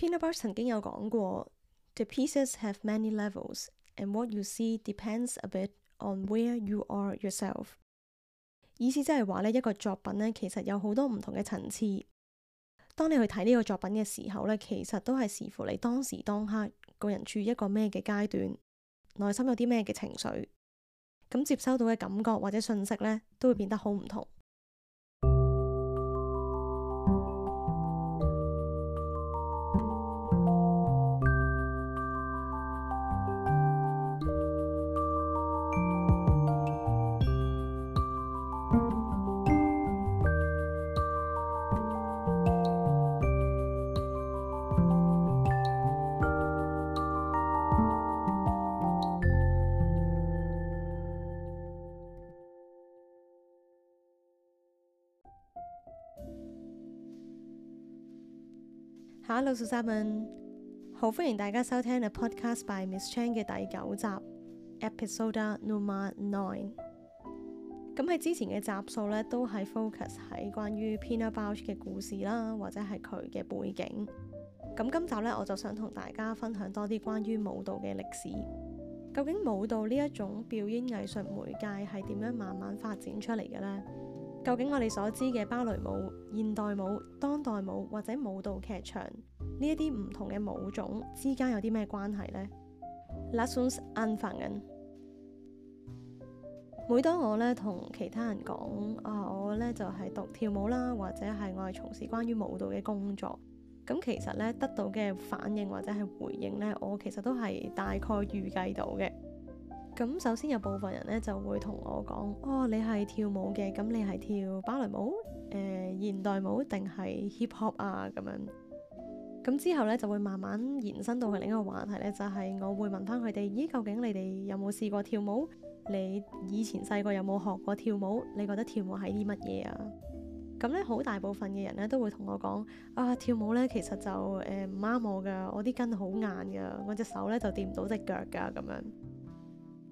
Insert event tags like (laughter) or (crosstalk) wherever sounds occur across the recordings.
Pina Bausch 曾經有講過，The pieces have many levels，and what you see depends a bit on where you are yourself。意思即係話咧，一個作品咧，其實有好多唔同嘅層次。當你去睇呢個作品嘅時候咧，其實都係視乎你當時當刻個人處於一個咩嘅階段，內心有啲咩嘅情緒，咁接收到嘅感覺或者信息咧，都會變得好唔同。Hello，Susan，Hello，好！歡迎大家收聽 A Podcast by Miss Chan g 嘅第九集，Episode Number Nine。咁喺之前嘅集數咧，都係 focus 喺關於 Pina Bausch 嘅故事啦，或者係佢嘅背景。咁今集咧，我就想同大家分享多啲關於舞蹈嘅歷史。究竟舞蹈呢一種表演藝術媒介係點樣慢慢發展出嚟嘅呢？究竟我哋所知嘅芭蕾舞、現代舞、當代舞或者舞蹈劇場？呢一啲唔同嘅舞種之間有啲咩關係呢？Lass uns anfangen。每當我咧同其他人講啊、哦，我咧就係、是、讀跳舞啦，或者係我係從事關於舞蹈嘅工作。咁其實咧得到嘅反應或者係回應咧，我其實都係大概預計到嘅。咁首先有部分人咧就會同我講：哦，你係跳舞嘅，咁你係跳芭蕾舞、誒、呃、現代舞定係 hip hop 啊？咁樣。咁之後咧就會慢慢延伸到係另一個話題咧，就係我會問翻佢哋，咦，究竟你哋有冇試過跳舞？你以前細個有冇學過跳舞？你覺得跳舞係啲乜嘢啊？咁咧好大部分嘅人咧都會同我講啊，跳舞咧其實就誒唔啱我㗎，我啲筋好硬㗎，我隻手咧就掂唔到隻腳㗎咁樣。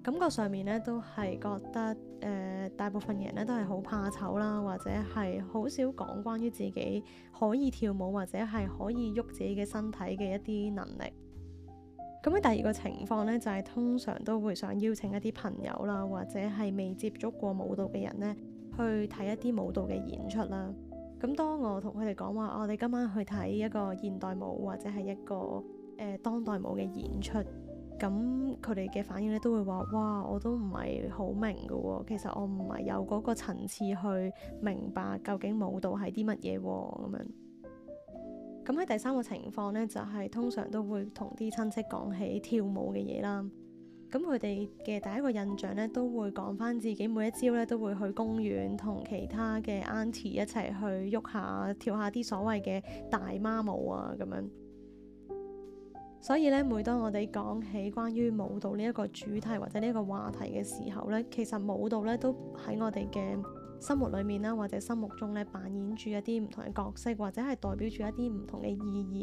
感覺上面咧都係覺得，誒、呃、大部分人咧都係好怕醜啦，或者係好少講關於自己可以跳舞，或者係可以喐自己嘅身體嘅一啲能力。咁喺、嗯、第二個情況呢，就係、是、通常都會想邀請一啲朋友啦，或者係未接觸過舞蹈嘅人呢，去睇一啲舞蹈嘅演出啦。咁當我同佢哋講話，我、啊、哋今晚去睇一個現代舞或者係一個誒、呃、當代舞嘅演出。咁佢哋嘅反應咧都會話：哇，我都唔係好明嘅喎，其實我唔係有嗰個層次去明白究竟舞蹈係啲乜嘢喎咁樣。咁喺第三個情況呢，就係、是、通常都會同啲親戚講起跳舞嘅嘢啦。咁佢哋嘅第一個印象呢，都會講翻自己每一朝呢，都會去公園同其他嘅 Auntie 一齊去喐下跳下啲所謂嘅大媽舞啊咁樣。所以咧，每當我哋講起關於舞蹈呢一個主題或者呢一個話題嘅時候咧，其實舞蹈咧都喺我哋嘅生活裏面啦，或者心目中咧扮演住一啲唔同嘅角色，或者係代表住一啲唔同嘅意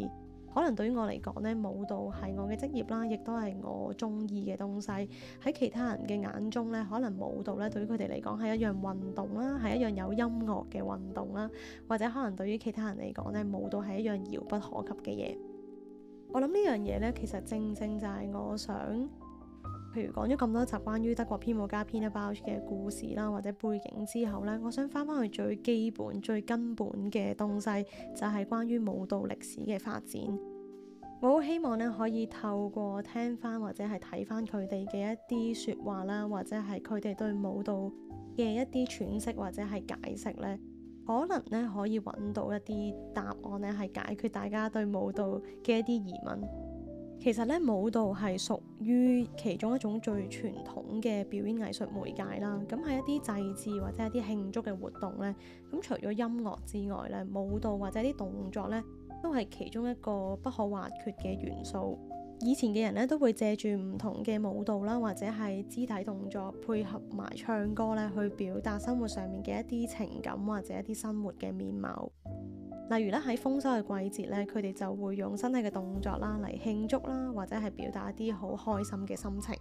義。可能對於我嚟講咧，舞蹈係我嘅職業啦，亦都係我中意嘅東西。喺其他人嘅眼中咧，可能舞蹈咧對於佢哋嚟講係一樣運動啦，係一樣有音樂嘅運動啦，或者可能對於其他人嚟講咧，舞蹈係一樣遙不可及嘅嘢。我諗呢樣嘢呢，其實正正就係我想，譬如講咗咁多集關於德國編舞家 Pina Bausch 嘅故事啦，或者背景之後呢，我想翻翻去最基本、最根本嘅東西，就係、是、關於舞蹈歷史嘅發展。我好希望呢，可以透過聽翻或者係睇翻佢哋嘅一啲說話啦，或者係佢哋對舞蹈嘅一啲詮釋或者係解釋呢。可能咧，可以揾到一啲答案咧，係解決大家對舞蹈嘅一啲疑問。其實咧，舞蹈係屬於其中一種最傳統嘅表演藝術媒介啦。咁喺一啲祭祀或者一啲慶祝嘅活動咧，咁除咗音樂之外咧，舞蹈或者啲動作咧，都係其中一個不可或缺嘅元素。以前嘅人咧都會借住唔同嘅舞蹈啦，或者係肢體動作配合埋唱歌咧，去表達生活上面嘅一啲情感或者一啲生活嘅面貌。例如咧喺豐收嘅季節咧，佢哋就會用身體嘅動作啦嚟慶祝啦，或者係表達一啲好開心嘅心情。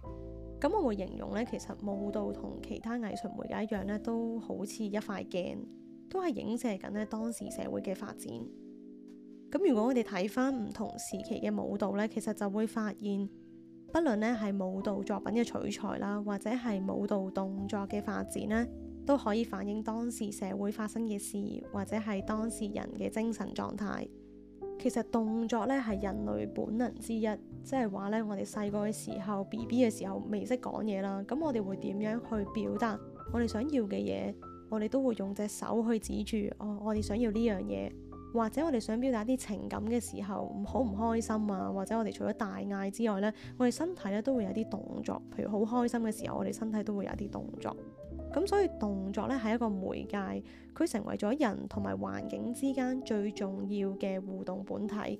咁我會形容咧，其實舞蹈同其他藝術媒介一樣咧，都好似一塊鏡，都係影射緊咧當時社會嘅發展。咁如果我哋睇返唔同時期嘅舞蹈呢，其實就會發現，不論呢係舞蹈作品嘅取材啦，或者係舞蹈動作嘅發展呢，都可以反映當時社會發生嘅事，或者係當事人嘅精神狀態。其實動作呢係人類本能之一，即係話呢，我哋細個嘅時候，BB 嘅時候未識講嘢啦，咁我哋會點樣去表達我哋想要嘅嘢？我哋都會用隻手去指住，哦，我哋想要呢樣嘢。或者我哋想表達一啲情感嘅時候，好唔開心啊！或者我哋除咗大嗌之外呢，我哋身體咧都會有啲動作。譬如好開心嘅時候，我哋身體都會有啲動作。咁所以動作咧係一個媒介，佢成為咗人同埋環境之間最重要嘅互動本體。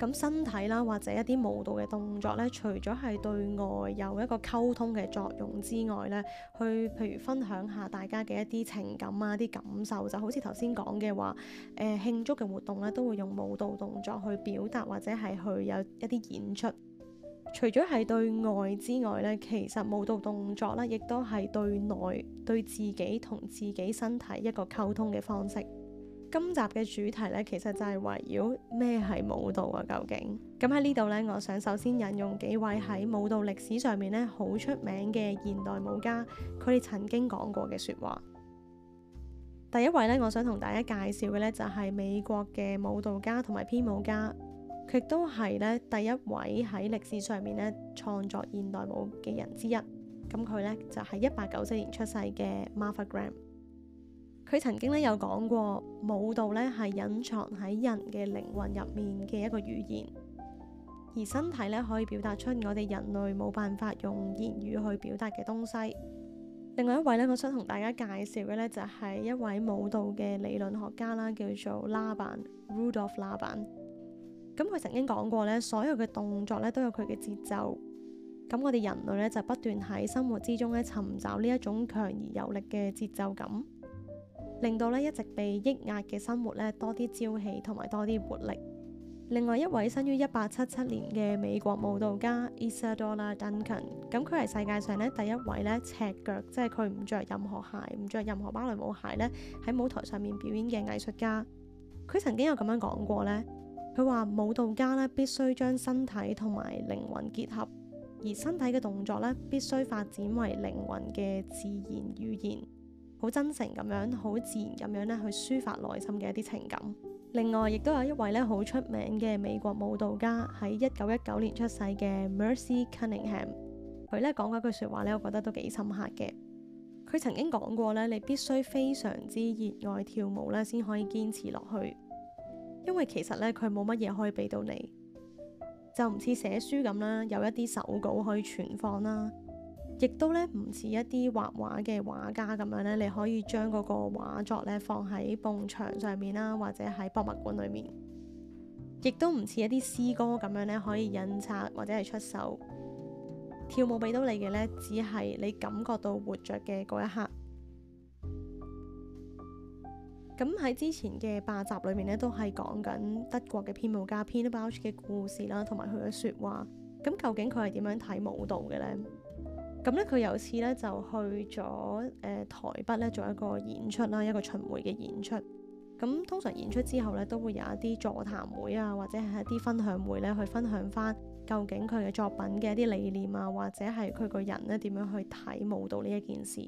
咁身體啦，或者一啲舞蹈嘅動作咧，除咗係對外有一個溝通嘅作用之外咧，去譬如分享下大家嘅一啲情感啊、啲感受，就好似頭先講嘅話，誒、呃、慶祝嘅活動咧，都會用舞蹈動作去表達，或者係去有一啲演出。除咗係對外之外咧，其實舞蹈動作咧，亦都係對內對自己同自己身體一個溝通嘅方式。今集嘅主題呢，其實就係圍繞咩係舞蹈啊，究竟？咁喺呢度呢，我想首先引用幾位喺舞蹈歷史上面呢好出名嘅現代舞家，佢哋曾經講過嘅說話。第一位呢，我想同大家介紹嘅呢，就係美國嘅舞蹈家同埋編舞家，佢都係呢第一位喺歷史上面呢創作現代舞嘅人之一。咁佢呢，就係一八九四年出世嘅 Martha Graham。佢曾經咧有講過，舞蹈咧係隱藏喺人嘅靈魂入面嘅一個語言，而身體咧可以表達出我哋人類冇辦法用言語去表達嘅東西。另外一位咧，我想同大家介紹嘅咧就係一位舞蹈嘅理論學家啦，叫做拉板 r u d o l f l a b 咁佢曾經講過咧，所有嘅動作咧都有佢嘅節奏。咁我哋人類咧就不斷喺生活之中咧尋找呢一種強而有力嘅節奏感。令到咧一直被抑壓嘅生活咧多啲朝氣同埋多啲活力。另外一位生於一八七七年嘅美國舞蹈家 Isadora Duncan，咁佢係世界上咧第一位咧赤腳，即係佢唔着任何鞋，唔着任何芭蕾舞鞋咧喺舞台上面表演嘅藝術家。佢曾經有咁樣講過咧，佢話舞蹈家咧必須將身體同埋靈魂結合，而身體嘅動作咧必須發展為靈魂嘅自然語言。好真誠咁樣，好自然咁樣咧去抒發內心嘅一啲情感。另外，亦都有一位咧好出名嘅美國舞蹈家喺一九一九年出世嘅 Merce Cunningham，佢咧講嗰句説話咧，我覺得都幾深刻嘅。佢曾經講過咧，你必須非常之熱愛跳舞咧，先可以堅持落去，因為其實咧佢冇乜嘢可以俾到你，就唔似寫書咁啦，有一啲手稿可以存放啦。亦都咧唔似一啲畫畫嘅畫家咁樣咧，你可以將嗰個畫作咧放喺埲牆上面啦，或者喺博物館裏面。亦都唔似一啲詩歌咁樣咧，可以印刷或者係出售。跳舞俾到你嘅咧，只係你感覺到活着嘅嗰一刻。咁喺 (music) 之前嘅八集裏面咧，都係講緊德國嘅編舞家 Pina Bausch 嘅故事啦，同埋佢嘅説話。咁究竟佢係點樣睇舞蹈嘅呢？咁咧，佢有次咧就去咗誒、呃、台北咧做一個演出啦，一個巡迴嘅演出。咁通常演出之後咧，都會有一啲座談會啊，或者係一啲分享會咧，去分享翻究竟佢嘅作品嘅一啲理念啊，或者係佢個人咧點樣去睇舞蹈呢一件事。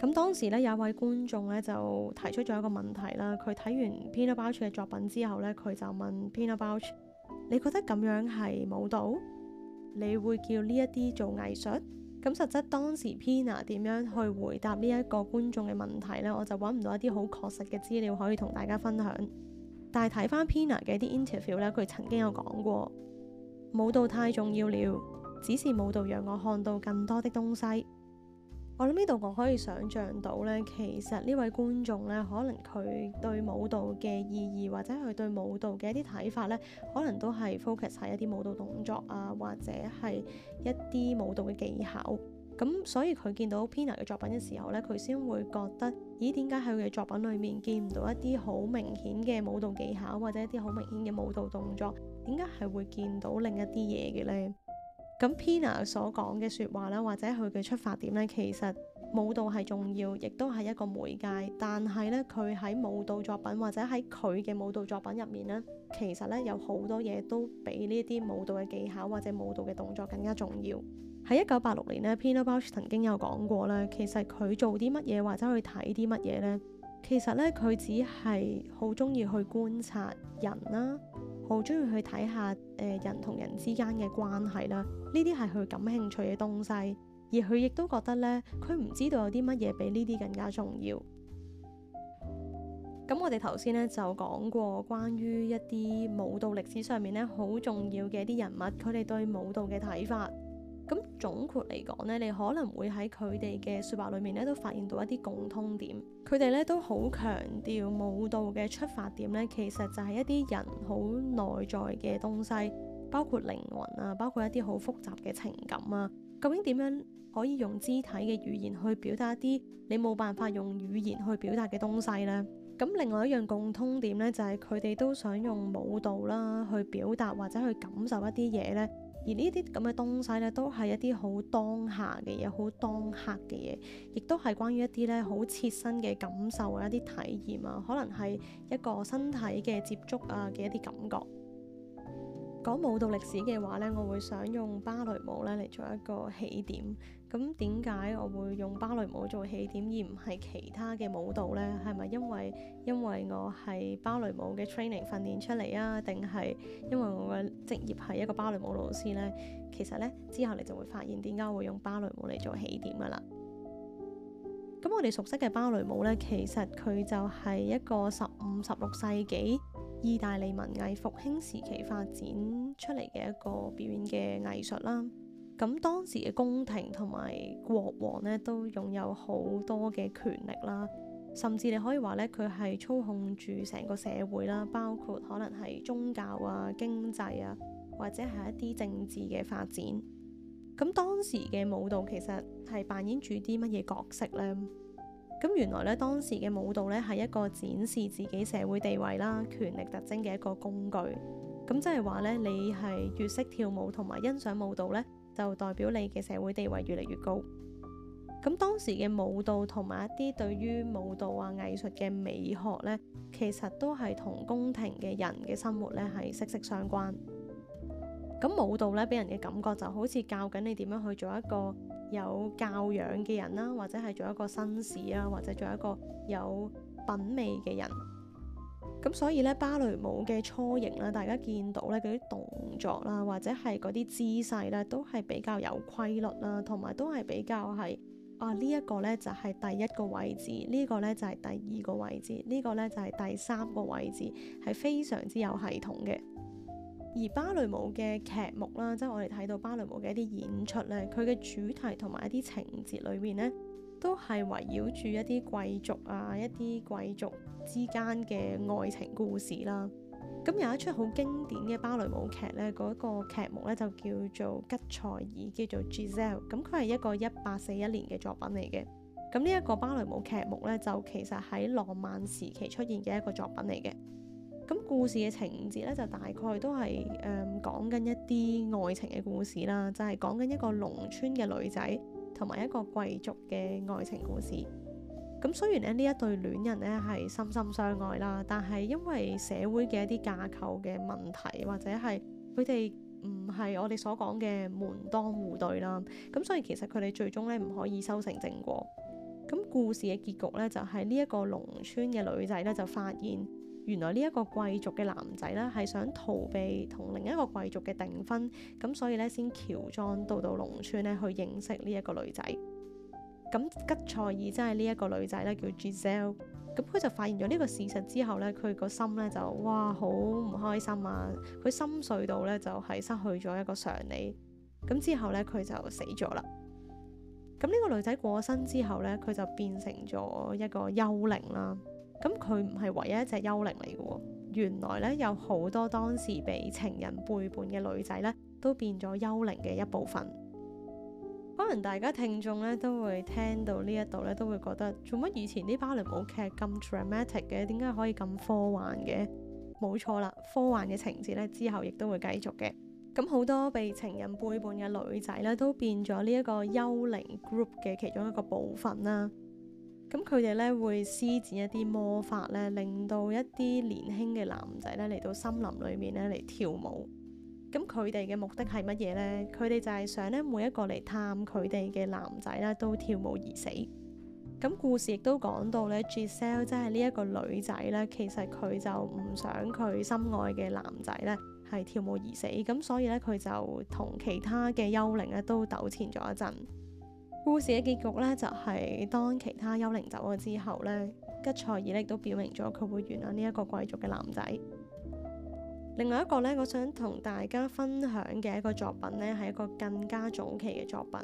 咁當時咧有一位觀眾咧就提出咗一個問題啦，佢睇完 Pina Bausch 嘅作品之後咧，佢就問 Pina Bausch，你覺得咁樣係舞蹈？你會叫呢一啲做藝術？咁實質當時 Pina 點樣去回答呢一個觀眾嘅問題呢？我就揾唔到一啲好確實嘅資料可以同大家分享。但係睇翻 Pina 嘅啲 interview 呢，佢曾經有講過，舞蹈太重要了，只是舞蹈讓我看到更多的東西。我諗呢度我可以想像到呢，其實呢位觀眾呢，可能佢對舞蹈嘅意義或者佢對舞蹈嘅一啲睇法呢，可能都係 focus 喺一啲舞蹈動作啊，或者係一啲舞蹈嘅技巧。咁所以佢見到 Pina 嘅作品嘅時候呢，佢先會覺得，咦？點解喺佢嘅作品裏面見唔到一啲好明顯嘅舞蹈技巧或者一啲好明顯嘅舞蹈動作？點解係會見到另一啲嘢嘅呢？咁 Pina 所講嘅説話啦，或者佢嘅出發點呢，其實舞蹈係重要，亦都係一個媒介。但係呢，佢喺舞蹈作品或者喺佢嘅舞蹈作品入面呢，其實呢，有好多嘢都比呢啲舞蹈嘅技巧或者舞蹈嘅動作更加重要。喺一九八六年呢，Pina Bausch 曾經有講過咧，其實佢做啲乜嘢或者去睇啲乜嘢呢。其實咧，佢只係好中意去觀察人啦，好中意去睇下誒、呃、人同人之間嘅關係啦。呢啲係佢感興趣嘅東西，而佢亦都覺得咧，佢唔知道有啲乜嘢比呢啲更加重要。咁我哋頭先咧就講過關於一啲舞蹈歷史上面咧好重要嘅一啲人物，佢哋對舞蹈嘅睇法。咁總括嚟講咧，你可能會喺佢哋嘅説話裏面咧，都發現到一啲共通點。佢哋咧都好強調舞蹈嘅出發點咧，其實就係一啲人好內在嘅東西，包括靈魂啊，包括一啲好複雜嘅情感啊。究竟點樣可以用肢體嘅語言去表達一啲你冇辦法用語言去表達嘅東西呢？咁另外一樣共通點咧，就係，就係佢哋都想用舞蹈啦去表達或者去感受一啲嘢呢。而呢啲咁嘅東西咧，都係一啲好當下嘅嘢，好當刻嘅嘢，亦都係關於一啲咧好切身嘅感受啊，一啲體驗啊，可能係一個身體嘅接觸啊嘅一啲感覺。講舞蹈歷史嘅話咧，我會想用芭蕾舞咧嚟做一個起點。咁點解我會用芭蕾舞做起點而唔係其他嘅舞蹈呢？係咪因為因為我係芭蕾舞嘅 training 訓練出嚟啊？定係因為我嘅職業係一個芭蕾舞老師呢？其實呢，之後你就會發現點解我會用芭蕾舞嚟做起點㗎喇。咁我哋熟悉嘅芭蕾舞呢，其實佢就係一個十五、十六世紀意大利文藝復興時期發展出嚟嘅一個表演嘅藝術啦。咁當時嘅宮廷同埋國王呢，都擁有好多嘅權力啦，甚至你可以話呢，佢係操控住成個社會啦，包括可能係宗教啊、經濟啊，或者係一啲政治嘅發展。咁當時嘅舞蹈其實係扮演住啲乜嘢角色呢？咁原來呢，當時嘅舞蹈呢，係一個展示自己社會地位啦、權力特徵嘅一個工具。咁即係話呢，你係越識跳舞同埋欣賞舞蹈呢，就代表你嘅社會地位越嚟越高。咁當時嘅舞蹈同埋一啲對於舞蹈啊藝術嘅美學呢，其實都係同宮廷嘅人嘅生活呢係息息相關。咁舞蹈呢，俾人嘅感覺就好似教緊你點樣去做一個有教養嘅人啦，或者係做一個紳士啊，或者做一個有品味嘅人。咁所以咧芭蕾舞嘅雛形咧，大家見到咧嗰啲動作啦，或者係嗰啲姿勢咧，都係比較有規律啦，同埋都係比較係啊呢一個咧就係第一個位置，呢個咧就係第二個位置，呢個咧就係第三個位置，係非常之有系統嘅。而芭蕾舞嘅劇目啦，即係我哋睇到芭蕾舞嘅一啲演出咧，佢嘅主題同埋一啲情節裏面咧。都係圍繞住一啲貴族啊，一啲貴族之間嘅愛情故事啦。咁有一出好經典嘅芭蕾舞劇呢，嗰、一個劇目呢，就叫做吉塞爾，叫做 Giselle。咁佢係一個一八四一年嘅作品嚟嘅。咁呢一個芭蕾舞劇目呢，就其實喺浪漫時期出現嘅一個作品嚟嘅。咁故事嘅情節呢，就大概都係誒講緊一啲愛情嘅故事啦，就係講緊一個農村嘅女仔。同埋一個貴族嘅愛情故事，咁雖然咧呢一對戀人呢係深深相愛啦，但係因為社會嘅一啲架構嘅問題，或者係佢哋唔係我哋所講嘅門當戶對啦，咁所以其實佢哋最終呢唔可以修成正果。咁故事嘅結局呢，就係呢一個農村嘅女仔呢就發現。原來呢一個貴族嘅男仔咧，係想逃避同另一個貴族嘅訂婚，咁所以咧先喬裝到到農村咧去認識呢一個女仔。咁吉賽爾真係呢一個女仔咧，叫 Giselle。咁佢就發現咗呢個事實之後咧，佢個心咧就哇好唔開心啊！佢心碎到咧就係失去咗一個常理。咁之後咧佢就死咗啦。咁、這、呢個女仔過身之後咧，佢就變成咗一個幽靈啦。咁佢唔係唯一一隻幽靈嚟嘅喎，原來呢，有好多當時被情人背叛嘅女仔呢，都變咗幽靈嘅一部分。可能大家聽眾呢，都會聽到呢一度呢，都會覺得做乜以前啲芭蕾舞劇咁 dramatic 嘅，點解可以咁科幻嘅？冇錯啦，科幻嘅情節呢，之後亦都會繼續嘅。咁好多被情人背叛嘅女仔呢，都變咗呢一個幽靈 group 嘅其中一個部分啦。咁佢哋咧會施展一啲魔法咧，令到一啲年輕嘅男仔咧嚟到森林裏面咧嚟跳舞。咁佢哋嘅目的係乜嘢呢？佢哋就係想咧每一個嚟探佢哋嘅男仔咧都跳舞而死。咁故事亦都講到咧，Giselle 即係呢一個女仔咧，其實佢就唔想佢心愛嘅男仔咧係跳舞而死。咁所以咧佢就同其他嘅幽靈咧都糾纏咗一陣。故事嘅結局咧，就係當其他幽靈走咗之後咧，吉塞爾亦都表明咗佢會原諒呢一個貴族嘅男仔。另外一個咧，我想同大家分享嘅一個作品咧，係一個更加早期嘅作品。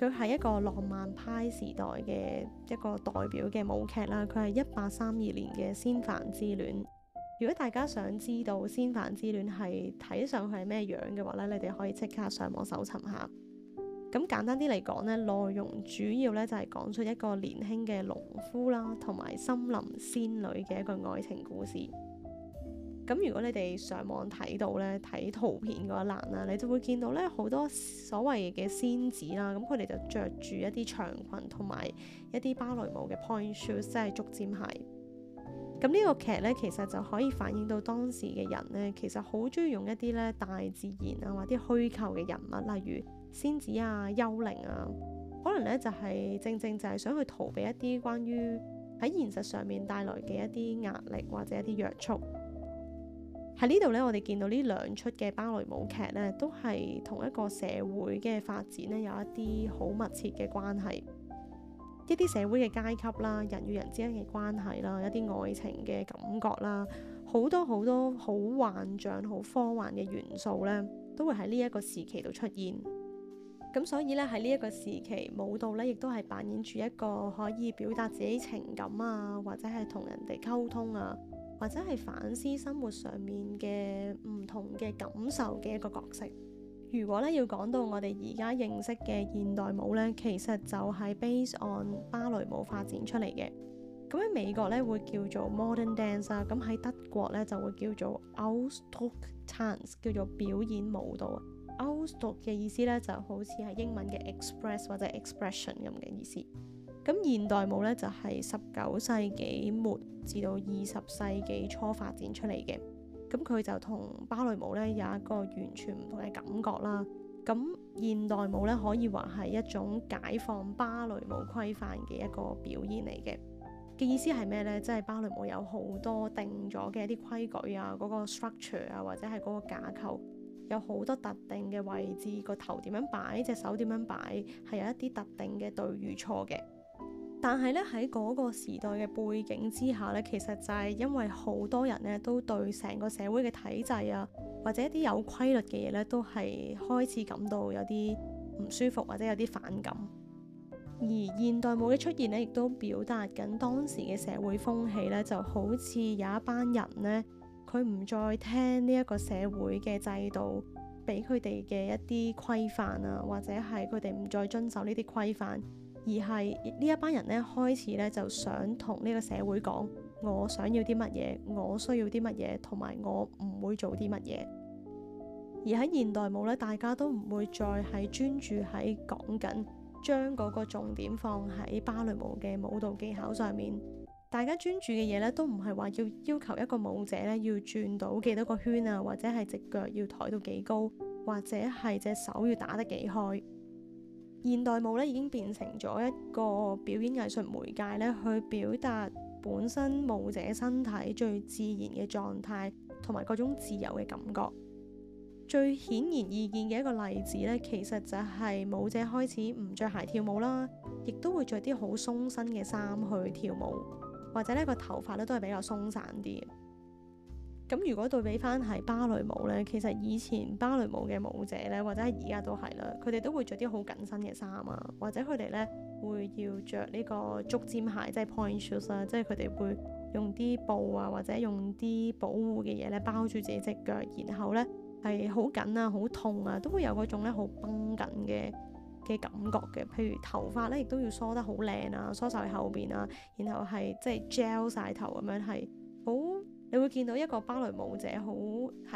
佢係一個浪漫派時代嘅一個代表嘅舞劇啦。佢係一八三二年嘅《仙凡之戀》。如果大家想知道《仙凡之戀》係睇上去係咩樣嘅話咧，你哋可以即刻上網搜尋下。咁簡單啲嚟講呢，內容主要呢就係講出一個年輕嘅農夫啦，同埋森林仙女嘅一個愛情故事。咁如果你哋上網睇到呢睇圖片嗰一欄啦，你就會見到呢好多所謂嘅仙子啦。咁佢哋就着住一啲長裙，同埋一啲芭蕾舞嘅 point shoes，即係足尖鞋。咁呢個劇呢，其實就可以反映到當時嘅人呢，其實好中意用一啲呢大自然啊，或者虛構嘅人物，例如，仙子啊、幽靈啊，可能咧就係、是、正正就係想去逃避一啲關於喺現實上面帶來嘅一啲壓力或者一啲約束喺呢度咧。我哋見到兩呢兩出嘅芭蕾舞劇咧，都係同一個社會嘅發展咧，有一啲好密切嘅關係。一啲社會嘅階級啦、人與人之間嘅關係啦、一啲愛情嘅感覺啦，好多好多好幻象、好科幻嘅元素咧，都會喺呢一個時期度出現。咁所以咧喺呢一個時期，舞蹈咧亦都係扮演住一個可以表達自己情感啊，或者係同人哋溝通啊，或者係反思生活上面嘅唔同嘅感受嘅一個角色。如果咧要講到我哋而家認識嘅現代舞咧，其實就係 based on 芭蕾舞發展出嚟嘅。咁喺美國咧會叫做 modern dance 啊，咁喺德國咧就會叫做 Ausdruckstanz，叫做表演舞蹈。歐讀嘅意思咧，就好似係英文嘅 express 或者 expression 咁嘅意思。咁現代舞咧就係十九世紀末至到二十世紀初發展出嚟嘅。咁佢就同芭蕾舞咧有一個完全唔同嘅感覺啦。咁現代舞咧可以話係一種解放芭蕾舞規範嘅一個表現嚟嘅。嘅意思係咩呢？即係芭蕾舞有好多定咗嘅一啲規矩啊，嗰個 structure 啊，或者係嗰個架構。有好多特定嘅位置，個頭點樣擺，隻手點樣擺，係有一啲特定嘅對與錯嘅。但係咧，喺嗰個時代嘅背景之下咧，其實就係因為好多人咧都對成個社會嘅體制啊，或者一啲有規律嘅嘢咧，都係開始感到有啲唔舒服，或者有啲反感。而現代舞嘅出現咧，亦都表達緊當時嘅社會風氣咧，就好似有一班人咧。佢唔再聽呢一個社會嘅制度俾佢哋嘅一啲規範啊，或者係佢哋唔再遵守呢啲規範，而係呢一班人咧開始咧就想同呢個社會講我想要啲乜嘢，我需要啲乜嘢，同埋我唔會做啲乜嘢。而喺現代舞咧，大家都唔會再係專注喺講緊將嗰個重點放喺芭蕾舞嘅舞蹈技巧上面。大家專注嘅嘢咧，都唔係話要要求一個舞者咧要轉到幾多個圈啊，或者係隻腳要抬到幾高，或者係隻手要打得幾開。現代舞咧已經變成咗一個表演藝術媒介咧，去表達本身舞者身體最自然嘅狀態，同埋各種自由嘅感覺。最顯然易見嘅一個例子咧，其實就係舞者開始唔着鞋跳舞啦，亦都會着啲好鬆身嘅衫去跳舞。或者咧個頭髮咧都係比較鬆散啲。咁如果對比返係芭蕾舞呢，其實以前芭蕾舞嘅舞者呢，或者係而家都係啦，佢哋都會着啲好緊身嘅衫啊，或者佢哋呢會要着呢個足尖鞋，即係 point shoes 啦，即係佢哋會用啲布啊，或者用啲保護嘅嘢咧包住自己隻腳，然後呢係好緊啊，好痛啊，都會有嗰種咧好繃緊嘅。嘅感覺嘅，譬如頭髮咧，亦都要梳得好靚啊，梳晒後邊啊，然後係即係 gel 晒頭咁樣係好，哦，你會見到一個芭蕾舞者好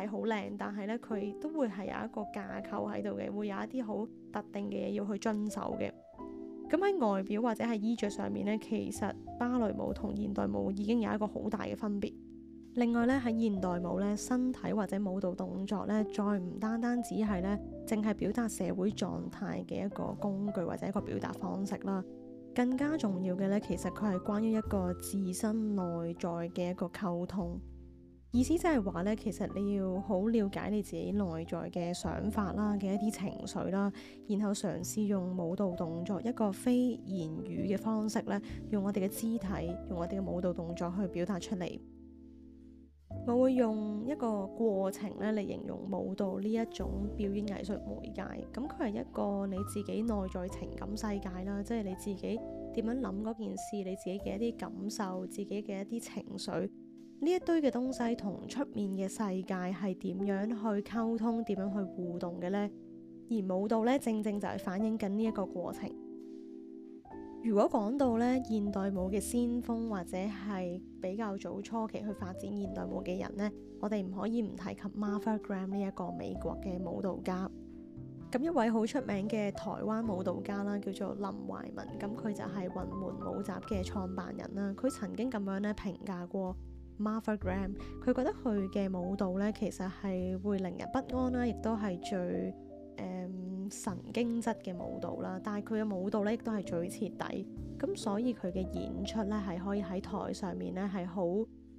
係好靚，但係咧佢都會係有一個架構喺度嘅，會有一啲好特定嘅嘢要去遵守嘅。咁喺外表或者係衣着上面咧，其實芭蕾舞同現代舞已經有一個好大嘅分別。另外咧，喺現代舞咧，身體或者舞蹈動作咧，再唔單單只係咧，淨係表達社會狀態嘅一個工具或者一個表達方式啦。更加重要嘅咧，其實佢係關於一個自身內在嘅一個溝通。意思即係話咧，其實你要好了解你自己內在嘅想法啦嘅一啲情緒啦，然後嘗試用舞蹈動作一個非言語嘅方式咧，用我哋嘅肢體，用我哋嘅舞蹈動作去表達出嚟。我會用一個過程咧嚟形容舞蹈呢一種表演藝術媒介。咁佢係一個你自己內在情感世界啦，即係你自己點樣諗嗰件事，你自己嘅一啲感受，自己嘅一啲情緒，呢一堆嘅東西同出面嘅世界係點樣去溝通，點樣去互動嘅呢？而舞蹈呢，正正就係反映緊呢一個過程。如果講到咧現代舞嘅先鋒，或者係比較早初期去發展現代舞嘅人呢，我哋唔可以唔提及 Martha Graham 呢一個美國嘅舞蹈家。咁一位好出名嘅台灣舞蹈家啦，叫做林懷民。咁佢就係雲門舞集嘅創辦人啦。佢曾經咁樣咧評價過 Martha Graham，佢覺得佢嘅舞蹈呢，其實係會令人不安啦，亦都係最、嗯神經質嘅舞蹈啦，但係佢嘅舞蹈咧亦都係最徹底，咁所以佢嘅演出咧係可以喺台上面咧係好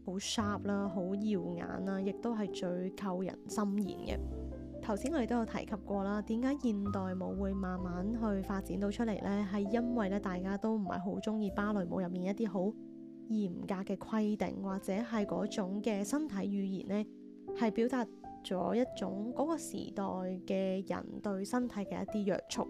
好 sharp 啦，好耀眼啦，亦都係最扣人心弦嘅。頭先我哋都有提及過啦，點解現代舞會慢慢去發展到出嚟呢？係因為咧大家都唔係好中意芭蕾舞入面一啲好嚴格嘅規定，或者係嗰種嘅身體語言呢係表達咗一種嗰個時代嘅人對身體嘅一啲約束。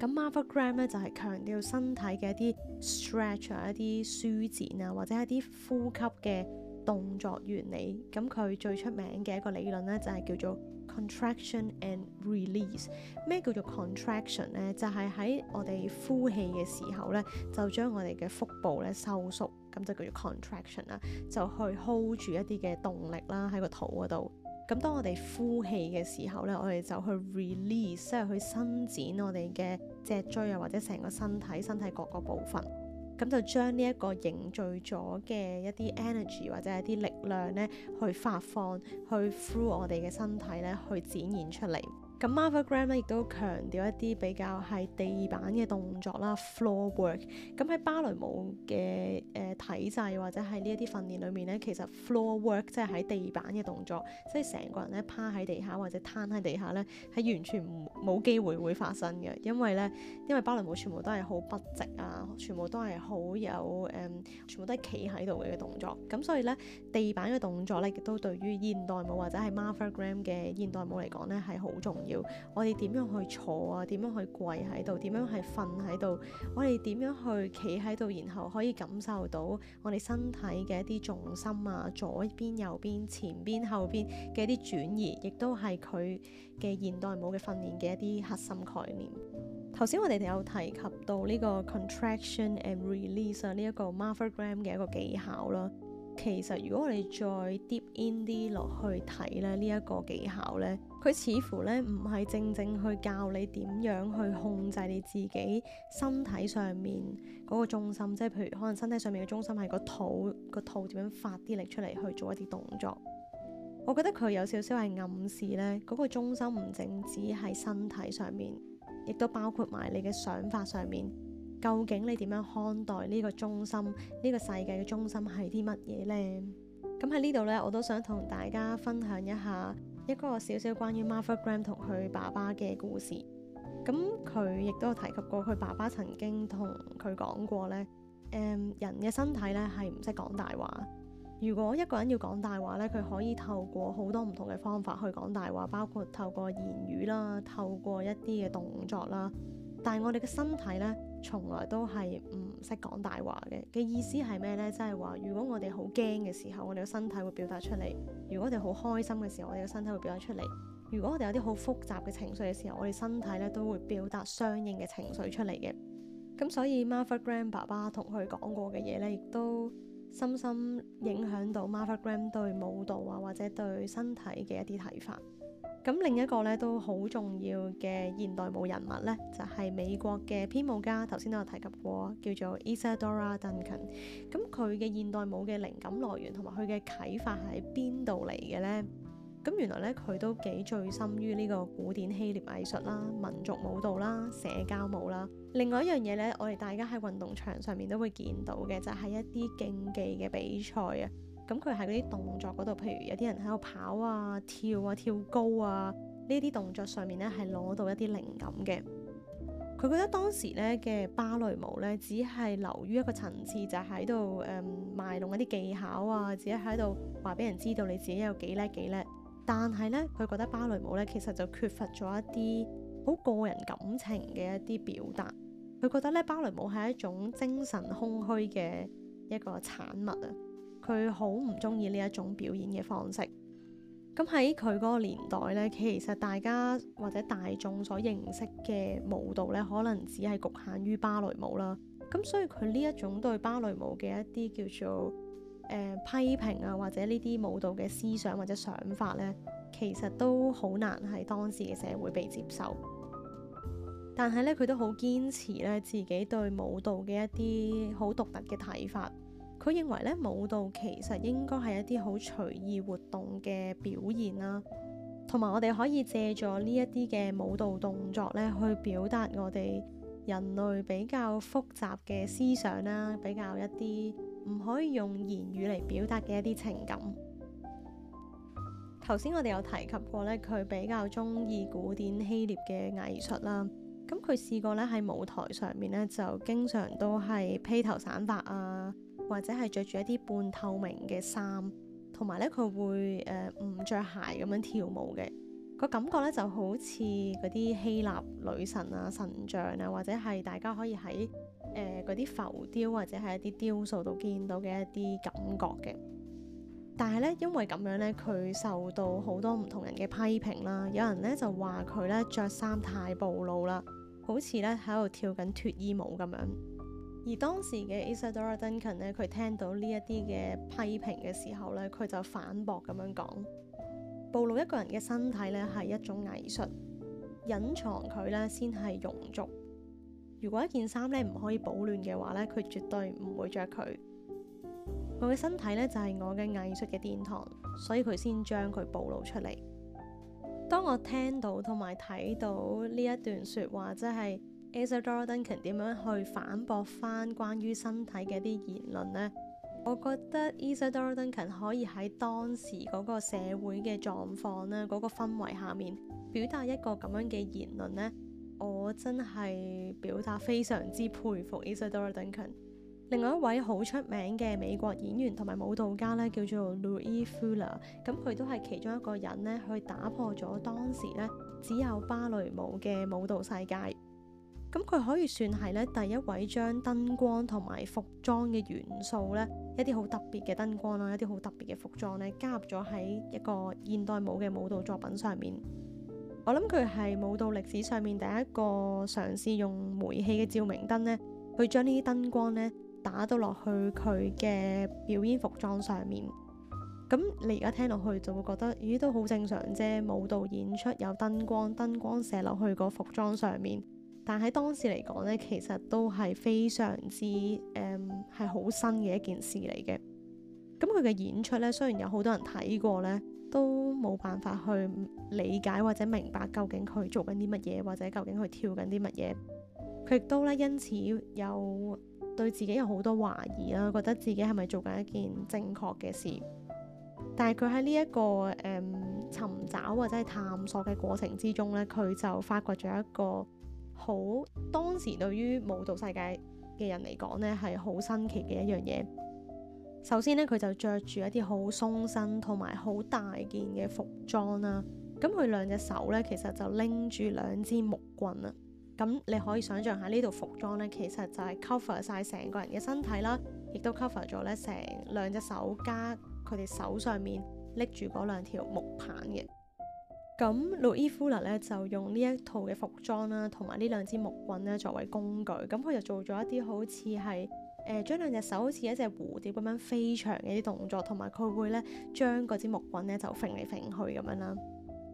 咁 Martha Graham 咧就係強調身體嘅一啲 stretch 啊、一啲舒展啊，或者一啲呼吸嘅動作原理。咁佢最出名嘅一個理論咧就係叫做 contraction and release。咩叫做 contraction 咧？就係喺我哋呼氣嘅時候咧，就將我哋嘅腹部咧收縮，咁就叫做 contraction 啦，就去 hold 住一啲嘅動力啦喺個肚嗰度。咁當我哋呼氣嘅時候咧，我哋就去 release，即係去伸展我哋嘅脊椎啊，或者成個身體、身體各個部分，咁就將呢一個凝聚咗嘅一啲 energy 或者一啲力量咧，去發放，去 through 我哋嘅身體咧，去展現出嚟。咁 Martha Graham 咧，亦都強調一啲比較係地板嘅動作啦，floor work。咁喺芭蕾舞嘅誒體制或者係呢一啲訓練裏面咧，其實 floor work 即係喺地板嘅動作，即係成個人咧趴喺地下或者攤喺地下咧，係完全冇機會會發生嘅，因為咧，因為芭蕾舞全部都係好筆直啊，全部都係好有誒、嗯、全部都係企喺度嘅嘅動作。咁所以咧，地板嘅動作咧，亦都對於現代舞或者係 Martha Graham 嘅現代舞嚟講咧，係好重要。要我哋點樣去坐啊？點樣去跪喺度？點樣係瞓喺度？我哋點樣去企喺度？然後可以感受到我哋身體嘅一啲重心啊，左邊、右邊、前邊、後邊嘅一啲轉移，亦都係佢嘅現代舞嘅訓練嘅一啲核心概念。頭先我哋有提及到呢個 contraction and release 啊，呢一個 Martha Graham 嘅一個技巧啦。其實如果我哋再 deep in 啲落去睇咧，呢一個技巧咧。佢似乎咧唔係正正去教你點樣去控制你自己身體上面嗰個中心，即係譬如可能身體上面嘅中心係個肚，個肚點樣發啲力出嚟去做一啲動作。我覺得佢有少少係暗示咧，嗰個中心唔淨止係身體上面，亦都包括埋你嘅想法上面。究竟你點樣看待呢個中心？呢個世界嘅中心係啲乜嘢呢？咁喺呢度呢，我都想同大家分享一下。一個少少關於 Martha Graham 同佢爸爸嘅故事，咁佢亦都有提及過佢爸爸曾經同佢講過咧，誒，人嘅身體咧，係唔識講大話。如果一個人要講大話咧，佢可以透過好多唔同嘅方法去講大話，包括透過言語啦，透過一啲嘅動作啦，但係我哋嘅身體咧，從來都係唔識講大話嘅。嘅意思係咩呢？即係話，如果我哋好驚嘅時候，我哋個身體會表達出嚟；如果我哋好開心嘅時候，我哋個身體會表達出嚟；如果我哋有啲好複雜嘅情緒嘅時候，我哋身體呢都會表達相應嘅情緒出嚟嘅。咁所以 Martha Graham 爸爸同佢講過嘅嘢呢，亦都深深影響到 Martha Graham 對舞蹈啊或者對身體嘅一啲睇法。咁另一個咧都好重要嘅現代舞人物咧，就係美國嘅編舞家，頭先都有提及過，叫做 Isadora Duncan。咁佢嘅現代舞嘅靈感來源同埋佢嘅啟發喺邊度嚟嘅呢？咁原來咧佢都幾醉心於呢個古典希臘藝術啦、民族舞蹈啦、社交舞啦。另外一樣嘢咧，我哋大家喺運動場上面都會見到嘅，就係一啲競技嘅比賽啊。咁佢喺嗰啲動作嗰度，譬如有啲人喺度跑啊、跳啊、跳高啊，呢啲動作上面呢，係攞到一啲靈感嘅。佢覺得當時呢嘅芭蕾舞呢，只係流於一個層次，就喺度誒賣弄一啲技巧啊，自己喺度話俾人知道你自己有幾叻幾叻。但係呢，佢覺得芭蕾舞呢，其實就缺乏咗一啲好個人感情嘅一啲表達。佢覺得呢，芭蕾舞係一種精神空虛嘅一個產物啊。佢好唔中意呢一種表演嘅方式。咁喺佢嗰個年代呢，其實大家或者大眾所認識嘅舞蹈呢，可能只係局限於芭蕾舞啦。咁所以佢呢一種對芭蕾舞嘅一啲叫做、呃、批評啊，或者呢啲舞蹈嘅思想或者想法呢，其實都好難喺當時嘅社會被接受。但係呢，佢都好堅持呢，自己對舞蹈嘅一啲好獨特嘅睇法。佢認為咧，舞蹈其實應該係一啲好隨意活動嘅表現啦，同埋我哋可以借助呢一啲嘅舞蹈動作咧，去表達我哋人類比較複雜嘅思想啦，比較一啲唔可以用言語嚟表達嘅一啲情感。頭先我哋有提及過咧，佢比較中意古典希臘嘅藝術啦。咁佢試過咧喺舞台上面咧，就經常都係披頭散髮啊。或者係着住一啲半透明嘅衫，同埋咧佢會誒唔着鞋咁樣跳舞嘅，個感覺咧就好似嗰啲希臘女神啊、神像啊，或者係大家可以喺誒嗰啲浮雕或者係一啲雕塑度見到嘅一啲感覺嘅。但係咧，因為咁樣咧，佢受到好多唔同人嘅批評啦。有人咧就話佢咧着衫太暴露啦，好似咧喺度跳緊脱衣舞咁樣。而當時嘅 Isadora Duncan 咧，佢聽到呢一啲嘅批評嘅時候呢，佢就反駁咁樣講：暴露一個人嘅身體呢，係一種藝術，隱藏佢呢，先係庸俗。如果一件衫呢唔可以保暖嘅話呢，佢絕對唔會着佢。佢嘅身體呢，就係我嘅藝術嘅殿堂，所以佢先將佢暴露出嚟。當我聽到同埋睇到呢一段説話，真係～Isadora Duncan 點樣去反駁返關於身體嘅一啲言論呢？我覺得 Isadora Duncan 可以喺當時嗰個社會嘅狀況呢，嗰個氛圍下面表達一個咁樣嘅言論呢，我真係表達非常之佩服 Isadora Duncan。另外一位好出名嘅美國演員同埋舞蹈家咧，叫做 Louis Fuller，咁佢都係其中一個人呢，去打破咗當時呢只有芭蕾舞嘅舞蹈世界。咁佢可以算係咧第一位將燈光同埋服裝嘅元素咧，一啲好特別嘅燈光啦，一啲好特別嘅服裝咧，加入咗喺一個現代舞嘅舞蹈作品上面。我諗佢係舞蹈歷史上面第一個嘗試用煤氣嘅照明燈咧，去將呢啲燈光咧打到落去佢嘅表演服裝上面。咁你而家聽落去就會覺得，咦，都好正常啫。舞蹈演出有燈光，燈光射落去個服裝上面。但喺當時嚟講呢，其實都係非常之誒係好新嘅一件事嚟嘅。咁佢嘅演出呢，雖然有好多人睇過呢，都冇辦法去理解或者明白究竟佢做緊啲乜嘢，或者究竟佢跳緊啲乜嘢。佢亦都咧因此有對自己有好多懷疑啦，覺得自己係咪做緊一件正確嘅事？但係佢喺呢一個誒尋找或者係探索嘅過程之中呢，佢就發掘咗一個。好，當時對於舞蹈世界嘅人嚟講呢係好新奇嘅一樣嘢。首先呢，佢就着住一啲好鬆身同埋好大件嘅服裝啦。咁佢兩隻手呢，其實就拎住兩支木棍啦。咁你可以想像下呢度服裝呢，其實就係 cover 晒成個人嘅身體啦，亦都 cover 咗呢成兩隻手加佢哋手上面拎住嗰兩條木棒嘅。咁露伊夫勒咧就用呢一套嘅服裝啦，同埋呢兩支木棍咧作為工具，咁佢就做咗一啲好似係誒將兩隻手好似一隻蝴蝶咁樣飛翔嘅啲動作，同埋佢會咧將嗰支木棍咧就揈嚟揈去咁樣啦。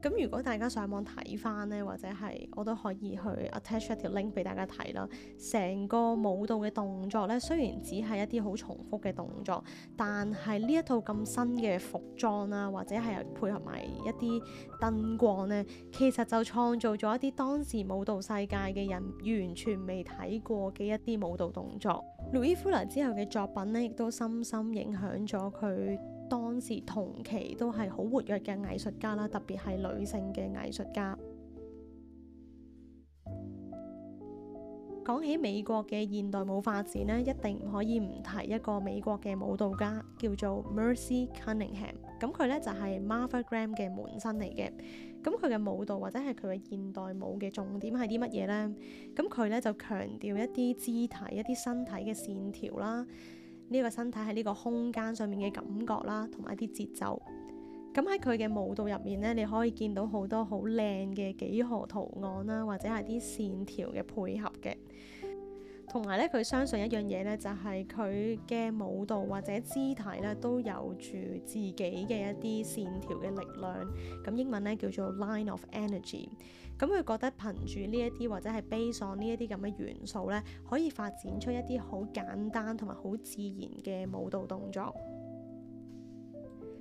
咁如果大家上網睇翻呢，或者係我都可以去 attach 一條 link 俾大家睇啦。成個舞蹈嘅動作呢，雖然只係一啲好重複嘅動作，但係呢一套咁新嘅服裝啊，或者係配合埋一啲燈光呢，其實就創造咗一啲當時舞蹈世界嘅人完全未睇過嘅一啲舞蹈動作。羅依夫勒之後嘅作品呢，亦都深深影響咗佢。當時同期都係好活躍嘅藝術家啦，特別係女性嘅藝術家。講起美國嘅現代舞發展呢，一定唔可以唔提一個美國嘅舞蹈家叫做 Mercy Cunningham。咁佢呢就係 Martha Graham 嘅門生嚟嘅。咁佢嘅舞蹈或者係佢嘅現代舞嘅重點係啲乜嘢呢？咁佢呢就強調一啲肢體、一啲身體嘅線條啦。呢個身體喺呢個空間上面嘅感覺啦，同埋啲節奏。咁喺佢嘅舞蹈入面呢，你可以見到好多好靚嘅幾何圖案啦，或者係啲線條嘅配合嘅。同埋呢，佢相信一樣嘢呢，就係佢嘅舞蹈或者肢體呢，都有住自己嘅一啲線條嘅力量。咁英文呢，叫做 line of energy。咁佢覺得憑住呢一啲或者係悲傷呢一啲咁嘅元素呢，可以發展出一啲好簡單同埋好自然嘅舞蹈動作。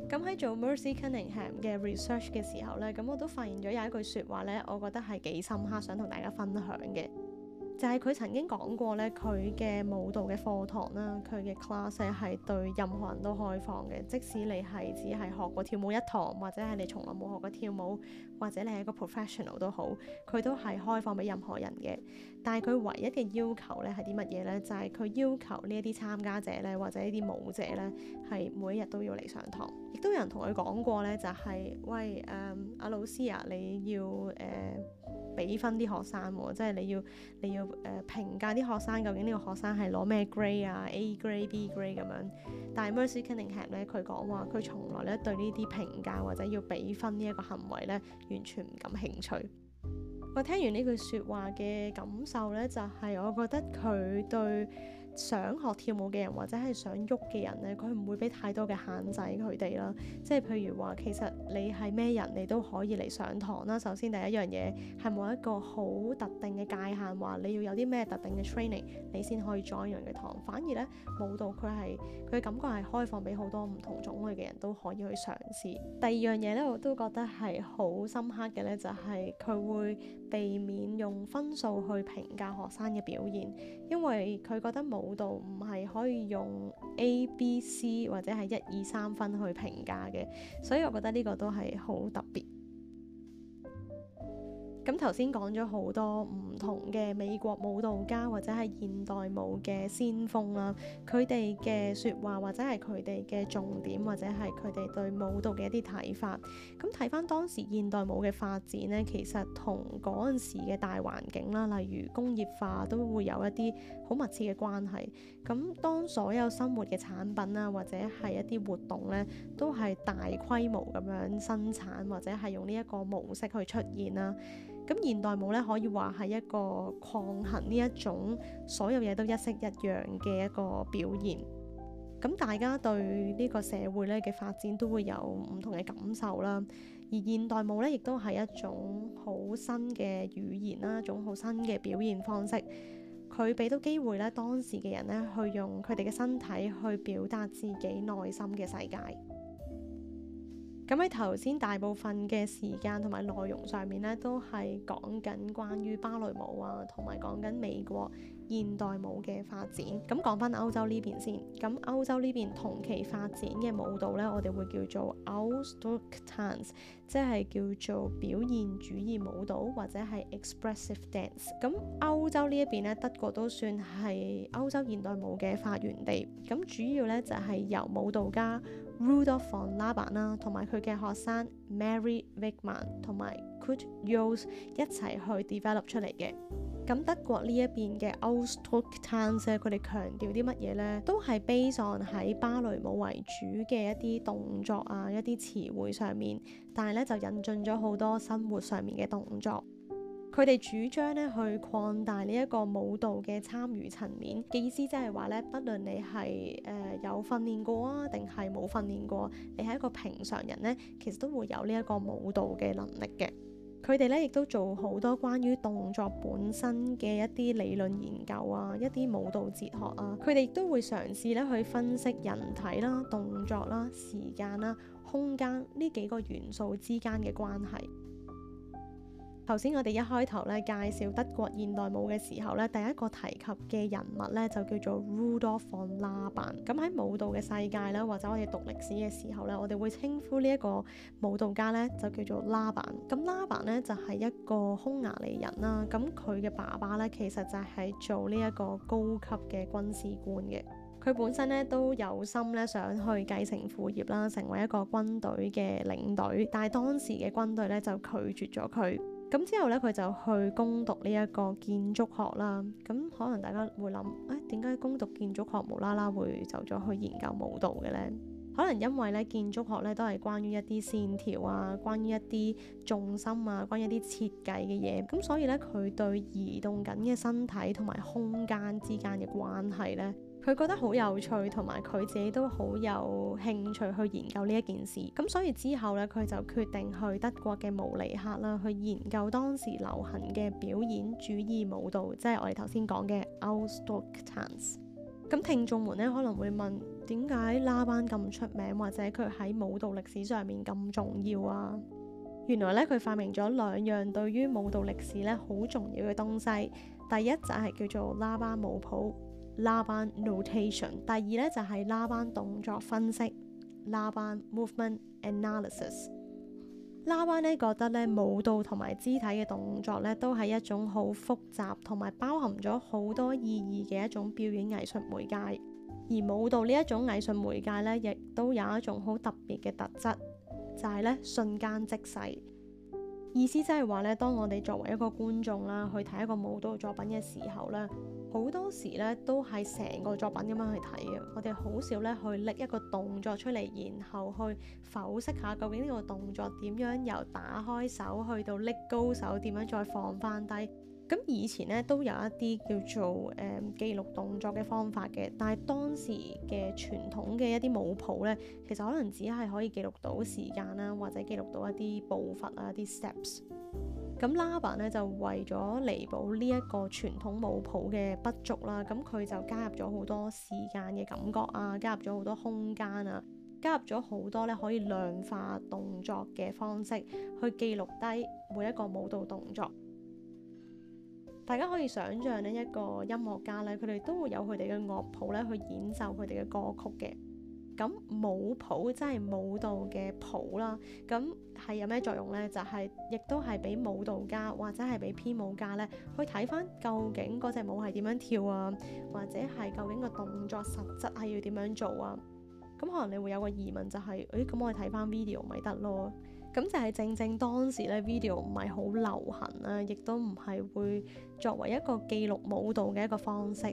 咁喺 (music) 做 Mercy Cunningham 嘅 research 嘅時候呢，咁我都發現咗有一句説話呢，我覺得係幾深刻，想同大家分享嘅。就係佢曾經講過咧，佢嘅舞蹈嘅課堂啦，佢嘅 class 係對任何人都開放嘅，即使你係只係學過跳舞一堂，或者係你從來冇學過跳舞，或者你係一個 professional 都好，佢都係開放俾任何人嘅。但係佢唯一嘅要求咧係啲乜嘢咧？就係、是、佢要求呢一啲參加者咧，或者呢啲舞者咧，係每一日都要嚟上堂。亦都有人同佢講過咧、就是，就係喂，誒阿老師啊，uh, cia, 你要誒。Uh, 俾 (music) 分啲學生喎，即係你要你要誒評價啲學生，呃、學生究竟呢個學生係攞咩 grade 啊 A grade B grade 咁樣。但係 Mercy Cunningham 咧，佢講話佢從來咧對呢啲評價或者要俾分呢一個行為咧，完全唔感興趣。我聽完呢句説話嘅感受咧，就係、是、我覺得佢對。想學跳舞嘅人或者係想喐嘅人呢，佢唔會俾太多嘅限制佢哋啦。即係譬如話，其實你係咩人，你都可以嚟上堂啦。首先第一樣嘢係冇一個好特定嘅界限，話你要有啲咩特定嘅 training，你先可以 join 呢樣嘅堂。反而呢，舞蹈佢係佢感覺係開放俾好多唔同種類嘅人都可以去嘗試。第二樣嘢呢，我都覺得係好深刻嘅呢，就係、是、佢會避免用分數去評價學生嘅表現，因為佢覺得冇。舞蹈唔係可以用 A、B、C 或者係一二三分去評價嘅，所以我覺得呢個都係好特別。咁頭先講咗好多唔同嘅美國舞蹈家或者係現代舞嘅先鋒啦，佢哋嘅説話或者係佢哋嘅重點或者係佢哋對舞蹈嘅一啲睇法。咁睇翻當時現代舞嘅發展呢，其實同嗰陣時嘅大環境啦，例如工業化都會有一啲。好密切嘅關係，咁當所有生活嘅產品啊，或者係一啲活動呢，都係大規模咁樣生產，或者係用呢一個模式去出現啦。咁現代舞呢，可以話係一個抗衡呢一種所有嘢都一式一樣嘅一個表現。咁大家對呢個社會呢嘅發展都會有唔同嘅感受啦。而現代舞呢，亦都係一種好新嘅語言啦，一種好新嘅表現方式。佢畀到機會咧，當時嘅人咧，去用佢哋嘅身體去表達自己內心嘅世界。咁喺頭先大部分嘅時間同埋內容上面咧，都係講緊關於芭蕾舞啊，同埋講緊美國。現代舞嘅發展，咁講翻歐洲呢邊先。咁歐洲呢邊同期發展嘅舞蹈呢，我哋會叫做 a u s t r u c k t a n c e 即係叫做表現主義舞蹈或者係 Expressive Dance。咁歐洲呢一邊呢，德國都算係歐洲現代舞嘅發源地。咁主要呢，就係、是、由舞蹈家 Rudolf von Laban 啦，同埋佢嘅學生 Mary Wigman 同埋 Kurt y o o s 一齊去 develop 出嚟嘅。咁德國呢一邊嘅 Ausdruck Tanz 咧，佢哋強調啲乜嘢呢？都係 base on 喺芭蕾舞為主嘅一啲動作啊，一啲詞語上面，但係咧就引進咗好多生活上面嘅動作。佢哋主張咧去擴大呢一個舞蹈嘅參與層面嘅意思，即係話咧，不論你係誒、呃、有訓練過啊，定係冇訓練過，你係一個平常人咧，其實都會有呢一個舞蹈嘅能力嘅。佢哋咧亦都做好多關於動作本身嘅一啲理論研究啊，一啲舞蹈哲學啊，佢哋亦都會嘗試咧去分析人體啦、動作啦、時間啦、空間呢幾個元素之間嘅關係。頭先我哋一開頭咧介紹德國現代舞嘅時候咧，第一個提及嘅人物咧就叫做 Rudolf von Laban。咁喺舞蹈嘅世界咧，或者我哋讀歷史嘅時候咧，我哋會稱呼呢一個舞蹈家咧就叫做拉板。咁拉板咧就係一個匈牙利人啦。咁佢嘅爸爸咧其實就係做呢一個高級嘅軍事官嘅。佢本身咧都有心咧想去繼承父業啦，成為一個軍隊嘅領隊，但係當時嘅軍隊咧就拒絕咗佢。咁之後咧，佢就去攻讀呢一個建築學啦。咁可能大家會諗，誒點解攻讀建築學無啦啦會走咗去研究舞蹈嘅呢？可能因為咧建築學咧都係關於一啲線條啊，關於一啲重心啊，關於一啲設計嘅嘢。咁所以咧，佢對移動緊嘅身體同埋空間之間嘅關係咧。佢覺得好有趣，同埋佢自己都好有興趣去研究呢一件事。咁所以之後咧，佢就決定去德國嘅慕尼黑啦，去研究當時流行嘅表演主義舞蹈，即係我哋頭先講嘅 Ausdruckstanz。咁聽眾們咧可能會問，點解拉班咁出名，或者佢喺舞蹈歷史上面咁重要啊？原來咧，佢發明咗兩樣對於舞蹈歷史咧好重要嘅東西。第一就係叫做拉班舞譜。拉班 Notation，第二咧就係拉班動作分析，拉班 Movement Analysis。拉班咧覺得咧舞蹈同埋肢體嘅動作咧都係一種好複雜同埋包含咗好多意義嘅一種表演藝術媒介。而舞蹈呢一種藝術媒介咧，亦都有一種好特別嘅特質，就係、是、咧瞬間即逝。意思即係話咧，當我哋作為一個觀眾啦，去睇一個舞蹈作品嘅時候咧，好多時咧都係成個作品咁樣去睇嘅。我哋好少咧去拎一個動作出嚟，然後去剖析下究竟呢個動作點樣由打開手去到拎高手，點樣再放翻低。咁以前咧都有一啲叫做誒、嗯、記錄動作嘅方法嘅，但係當時嘅傳統嘅一啲舞譜呢，其實可能只係可以記錄到時間啦，或者記錄到一啲步伐啊、一啲 steps。咁 Laban 咧就為咗彌補呢一個傳統舞譜嘅不足啦，咁佢就加入咗好多時間嘅感覺啊，加入咗好多空間啊，加入咗好多咧可以量化動作嘅方式去記錄低每一個舞蹈動作。大家可以想像咧，一個音樂家咧，佢哋都會有佢哋嘅樂譜咧，去演奏佢哋嘅歌曲嘅。咁舞譜即係舞蹈嘅譜啦。咁係有咩作用呢？就係、是、亦都係俾舞蹈家或者係俾編舞家咧，去睇翻究竟嗰隻舞係點樣跳啊，或者係究竟個動作實質係要點樣做啊？咁可能你會有個疑問、就是，哎、看看就係，誒，咁我哋睇翻 video 咪得咯？咁就係正正當時咧，video 唔係好流行啦，亦都唔係會作為一個記錄舞蹈嘅一個方式。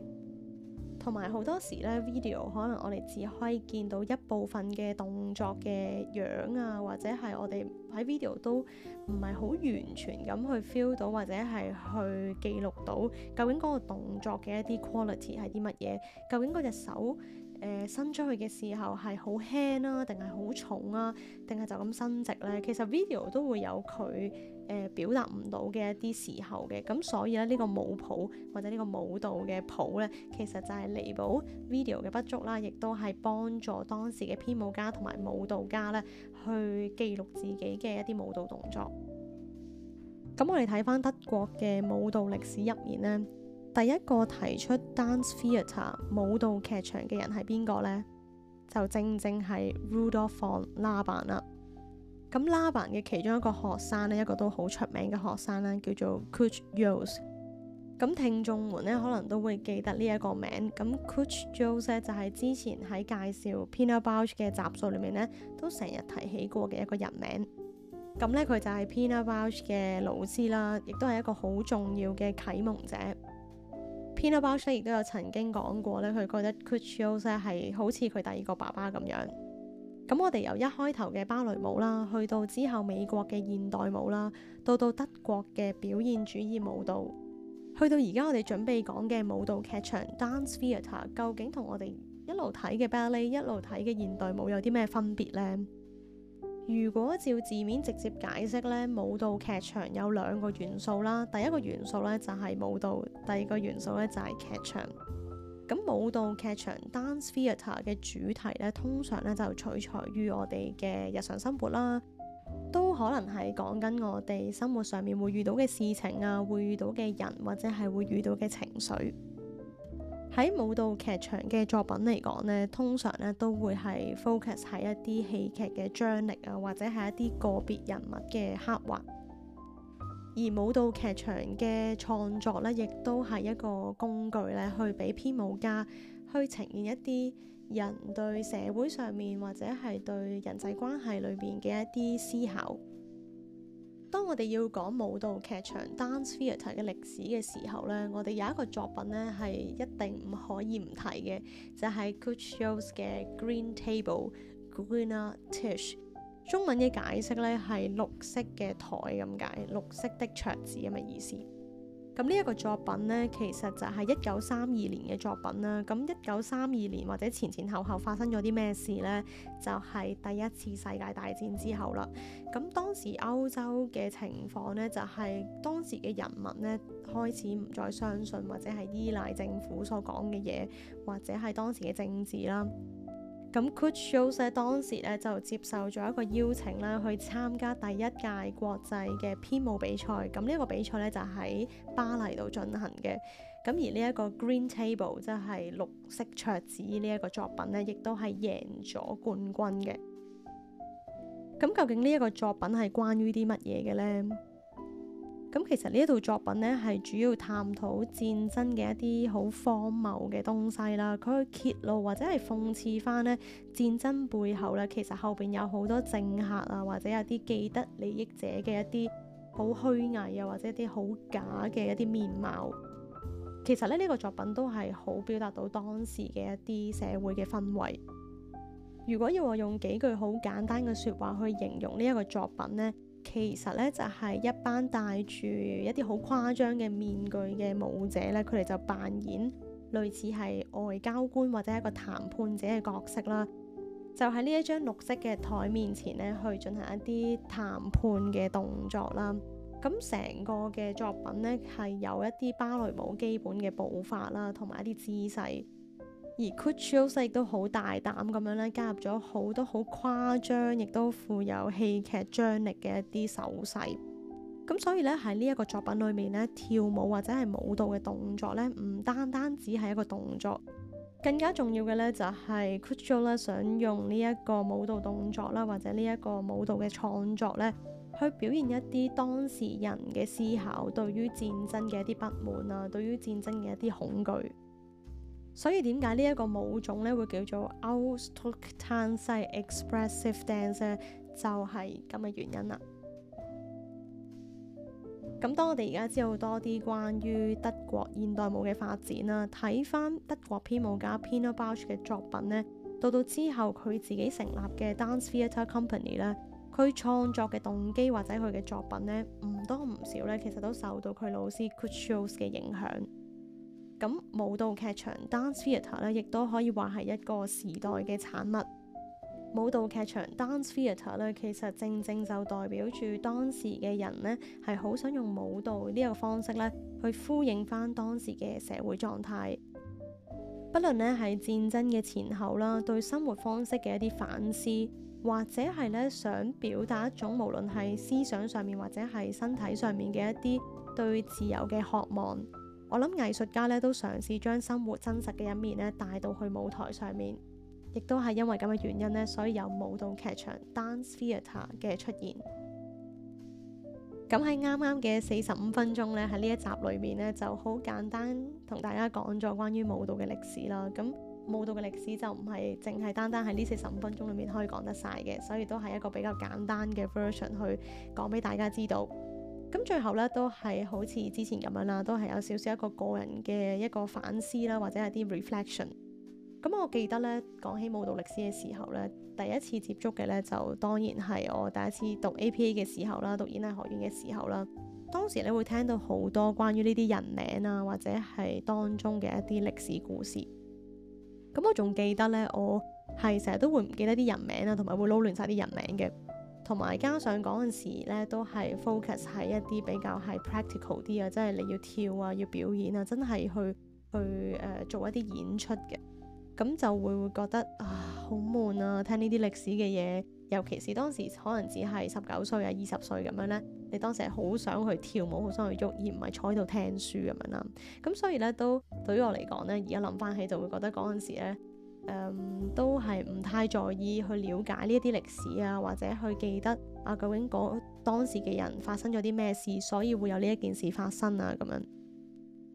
同埋好多時咧，video 可能我哋只可以見到一部分嘅動作嘅樣啊，或者係我哋喺 video 都唔係好完全咁去 feel 到，或者係去記錄到究竟嗰個動作嘅一啲 quality 係啲乜嘢？究竟嗰隻手。誒、呃、伸出去嘅時候係好輕啦，定係好重啊，定係就咁伸直呢？其實 video 都會有佢、呃、表達唔到嘅一啲時候嘅，咁所以咧呢、呢個舞譜或者呢個舞蹈嘅譜呢，其實就係彌補 video 嘅不足啦，亦都係幫助當時嘅編舞家同埋舞蹈家呢去記錄自己嘅一啲舞蹈動作。咁我哋睇翻德國嘅舞蹈歷史入面呢。第一個提出 Dance Theatre 舞蹈劇場嘅人係邊個呢？就正正係 Rudolf von Laban 啦。咁 Laban 嘅其中一個學生咧，一個都好出名嘅學生咧，叫做 Kurt Jooss。咁聽眾們呢，可能都會記得呢一個名。咁 Kurt Jooss 咧就係、是、之前喺介紹 Pina Bausch 嘅集數裏面呢，都成日提起過嘅一個人名。咁呢，佢就係 Pina Bausch 嘅老師啦，亦都係一個好重要嘅啟蒙者。Pina Bausch，亦都有曾經講過咧，佢覺得 Kurt Joos 咧係好似佢第二個爸爸咁樣。咁我哋由一開頭嘅芭蕾舞啦，去到之後美國嘅現代舞啦，到到德國嘅表現主義舞蹈，去到而家我哋準備講嘅舞蹈劇場 dance theatre，究竟同我哋一路睇嘅芭蕾、一路睇嘅現代舞有啲咩分別呢？如果照字面直接解釋呢，舞蹈劇場有兩個元素啦。第一個元素呢，就係舞蹈，第二個元素呢，就係劇場。咁舞蹈劇場 （dance theatre） 嘅主題呢，通常呢，就取材於我哋嘅日常生活啦，都可能係講緊我哋生活上面會遇到嘅事情啊，會遇到嘅人或者係會遇到嘅情緒。喺舞蹈劇場嘅作品嚟講呢，通常咧都會係 focus 喺一啲戲劇嘅張力啊，或者係一啲個別人物嘅刻畫。而舞蹈劇場嘅創作呢，亦都係一個工具咧，去俾編舞家去呈現一啲人對社會上面或者係對人際關係裏面嘅一啲思考。當我哋要講舞蹈劇場 Dance Theatre 嘅歷史嘅時候咧，我哋有一個作品咧係一定唔可以唔提嘅，就係、是、Jooss 嘅 Green Table, Grüne Tisch。中文嘅解釋咧係綠色嘅台咁解，綠色的桌子咁嘅意思。咁呢一個作品呢，其實就係一九三二年嘅作品啦。咁一九三二年或者前前後後發生咗啲咩事呢？就係第一次世界大戰之後啦。咁當時歐洲嘅情況呢，就係當時嘅人民呢，開始唔再相信或者係依賴政府所講嘅嘢，或者係當時嘅政治啦。咁 Kurt Jooss 咧當時咧就接受咗一個邀請啦，去參加第一屆國際嘅編舞比賽。咁呢一個比賽咧就喺巴黎度進行嘅。咁而呢一個 Green Table 即係綠色桌子呢一個作品咧，亦都係贏咗冠軍嘅。咁究竟呢一個作品係關於啲乜嘢嘅咧？咁其實呢一套作品咧，係主要探討戰爭嘅一啲好荒謬嘅東西啦。佢揭露或者係諷刺翻咧戰爭背後啦，其實後邊有好多政客啊，或者有啲既得利益者嘅一啲好虛偽啊，或者一啲好假嘅一啲面貌。其實咧，呢個作品都係好表達到當時嘅一啲社會嘅氛圍。如果要我用幾句好簡單嘅説話去形容呢一個作品咧？其實咧就係一班戴住一啲好誇張嘅面具嘅舞者咧，佢哋就扮演類似係外交官或者一個談判者嘅角色啦。就喺呢一張綠色嘅台面前咧，去進行一啲談判嘅動作啦。咁成個嘅作品咧係有一啲芭蕾舞基本嘅步法啦，同埋一啲姿勢。而 Kurt Jooss 亦都好大膽咁樣咧，加入咗好多好誇張，亦都富有戲劇張力嘅一啲手勢。咁所以咧喺呢一個作品裏面咧，跳舞或者係舞蹈嘅動作咧，唔單單只係一個動作，更加重要嘅咧就係 Kurt Jooss 咧想用呢一個舞蹈動作啦，或者呢一個舞蹈嘅創作咧，去表現一啲當時人嘅思考對於，對於戰爭嘅一啲不滿啊，對於戰爭嘅一啲恐懼。所以點解呢一個舞種咧會叫做 Ausdruckstanz，即係 expressive dance 就係咁嘅原因啦。咁當我哋而家知道多啲關於德國現代舞嘅發展啦，睇翻德國編舞家 Pina Bausch 嘅作品咧，到到之後佢自己成立嘅 dance theatre company 咧，佢創作嘅動機或者佢嘅作品咧，唔多唔少咧，其實都受到佢老師 Kuchows 嘅影響。咁舞蹈劇場 dance theatre 咧，亦都可以話係一個時代嘅產物。舞蹈劇場 dance theatre 咧，其實正正就代表住當時嘅人呢係好想用舞蹈呢一個方式咧，去呼應翻當時嘅社會狀態。不論呢係戰爭嘅前後啦，對生活方式嘅一啲反思，或者係呢想表達一種無論係思想上面或者係身體上面嘅一啲對自由嘅渴望。我諗藝術家咧都嘗試將生活真實嘅一面咧帶到去舞台上面，亦都係因為咁嘅原因咧，所以有舞蹈劇場 （Dance Theatre） 嘅出現。咁喺啱啱嘅四十五分鐘呢，喺呢一集裏面咧就好簡單同大家講咗關於舞蹈嘅歷史啦。咁舞蹈嘅歷史就唔係淨係單單喺呢四十五分鐘裏面可以講得晒嘅，所以都係一個比較簡單嘅 version 去講俾大家知道。咁最後咧，都係好似之前咁樣啦，都係有少少一個個人嘅一個反思啦，或者係啲 reflection。咁我記得咧，講起舞蹈歷史嘅時候咧，第一次接觸嘅咧，就當然係我第一次讀 APA 嘅時候啦，讀演藝學院嘅時候啦。當時你會聽到好多關於呢啲人名啊，或者係當中嘅一啲歷史故事。咁我仲記得咧，我係成日都會唔記得啲人名呀，同埋會撈亂晒啲人名嘅。同埋加上嗰陣時咧，都係 focus 喺一啲比較係 practical 啲啊，即係你要跳啊，要表演啊，真係去去誒、呃、做一啲演出嘅，咁就會會覺得啊好悶啊，聽呢啲歷史嘅嘢，尤其是當時可能只係十九歲啊二十歲咁樣呢。你當時係好想去跳舞，好想去喐，而唔係坐喺度聽書咁樣啦。咁所以咧都對於我嚟講呢，而家諗翻起就會覺得嗰陣時咧。嗯，都係唔太在意去了解呢一啲歷史啊，或者去記得啊，究竟嗰當時嘅人發生咗啲咩事，所以會有呢一件事發生啊。咁樣，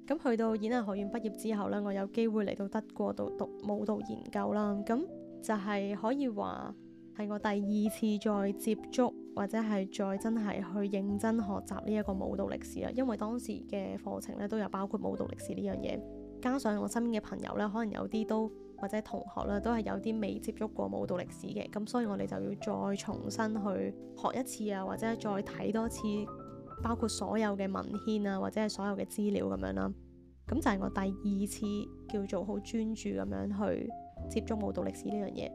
咁去到演藝學院畢業之後呢，我有機會嚟到德國度讀舞蹈研究啦。咁就係、是、可以話係我第二次再接觸或者係再真係去認真學習呢一個舞蹈歷史啊。因為當時嘅課程呢都有包括舞蹈歷史呢樣嘢，加上我身邊嘅朋友呢，可能有啲都。或者同學啦，都係有啲未接觸過舞蹈歷史嘅，咁所以我哋就要再重新去學一次啊，或者再睇多次，包括所有嘅文獻啊，或者係所有嘅資料咁樣啦。咁就係我第二次叫做好專注咁樣去接觸舞蹈歷史呢樣嘢。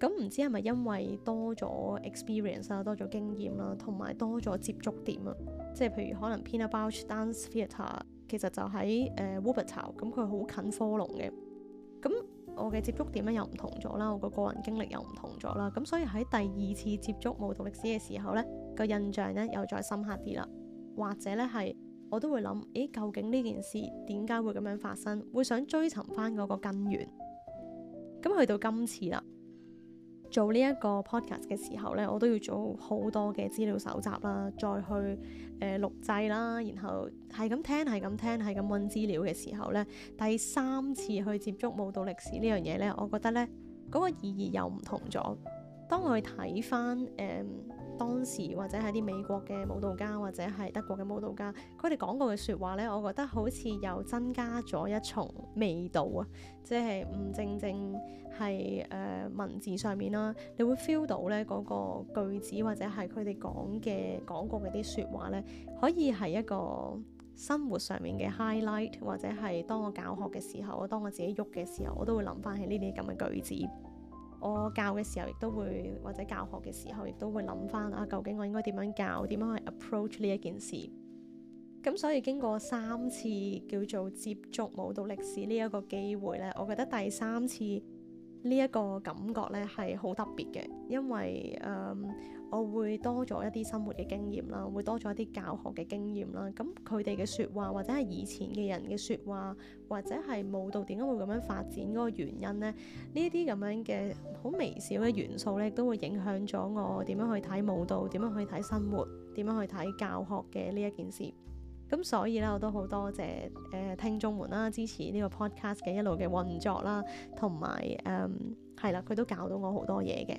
咁唔知係咪因為多咗 experience 啊，多咗經驗啦，同埋多咗接觸點啊，即係譬如可能《Pina Bausch Dance Theatre》其實就喺誒、呃、Wuppertal，咁佢好近科隆嘅，咁。我嘅接觸點呢又唔同咗啦，我個個人經歷又唔同咗啦，咁所以喺第二次接觸冇讀歷史嘅時候，呢個印象呢又再深刻啲啦，或者呢係我都會諗，咦，究竟呢件事點解會咁樣發生，會想追尋翻嗰個根源。咁去到今次啦。做呢一個 podcast 嘅時候呢，我都要做好多嘅資料搜集啦，再去誒、呃、錄製啦，然後係咁聽，係咁聽，係咁揾資料嘅時候呢，第三次去接觸舞蹈歷史呢樣嘢呢，我覺得呢，嗰、那個意義又唔同咗。當我去睇返誒、呃當時或者係啲美國嘅舞蹈家或者係德國嘅舞蹈家，佢哋講過嘅説話呢，我覺得好似又增加咗一重味道啊！即係唔正正係誒、呃、文字上面啦，你會 feel 到呢嗰個句子或者係佢哋講嘅講過嘅啲説話呢，可以係一個生活上面嘅 highlight，或者係當我教學嘅時候，當我自己喐嘅時候，我都會諗翻起呢啲咁嘅句子。我教嘅時候亦都會，或者教學嘅時候亦都會諗翻啊，究竟我應該點樣教，點樣去 approach 呢一件事。咁所以經過三次叫做接觸舞蹈歷史呢一個機會呢，我覺得第三次呢一個感覺呢係好特別嘅，因為誒，嗯我會多咗一啲生活嘅經驗啦，會多咗一啲教學嘅經驗啦。咁佢哋嘅説話，或者係以前嘅人嘅説話，或者係舞蹈點解會咁樣發展嗰個原因呢，呢啲咁樣嘅好微小嘅元素咧，都會影響咗我點樣去睇舞蹈，點樣去睇生活，點樣去睇教學嘅呢一件事。咁所以咧，我都好多謝誒聽眾們啦，支持呢個 podcast 嘅一路嘅運作啦，同埋誒係啦，佢、嗯、都教到我好多嘢嘅。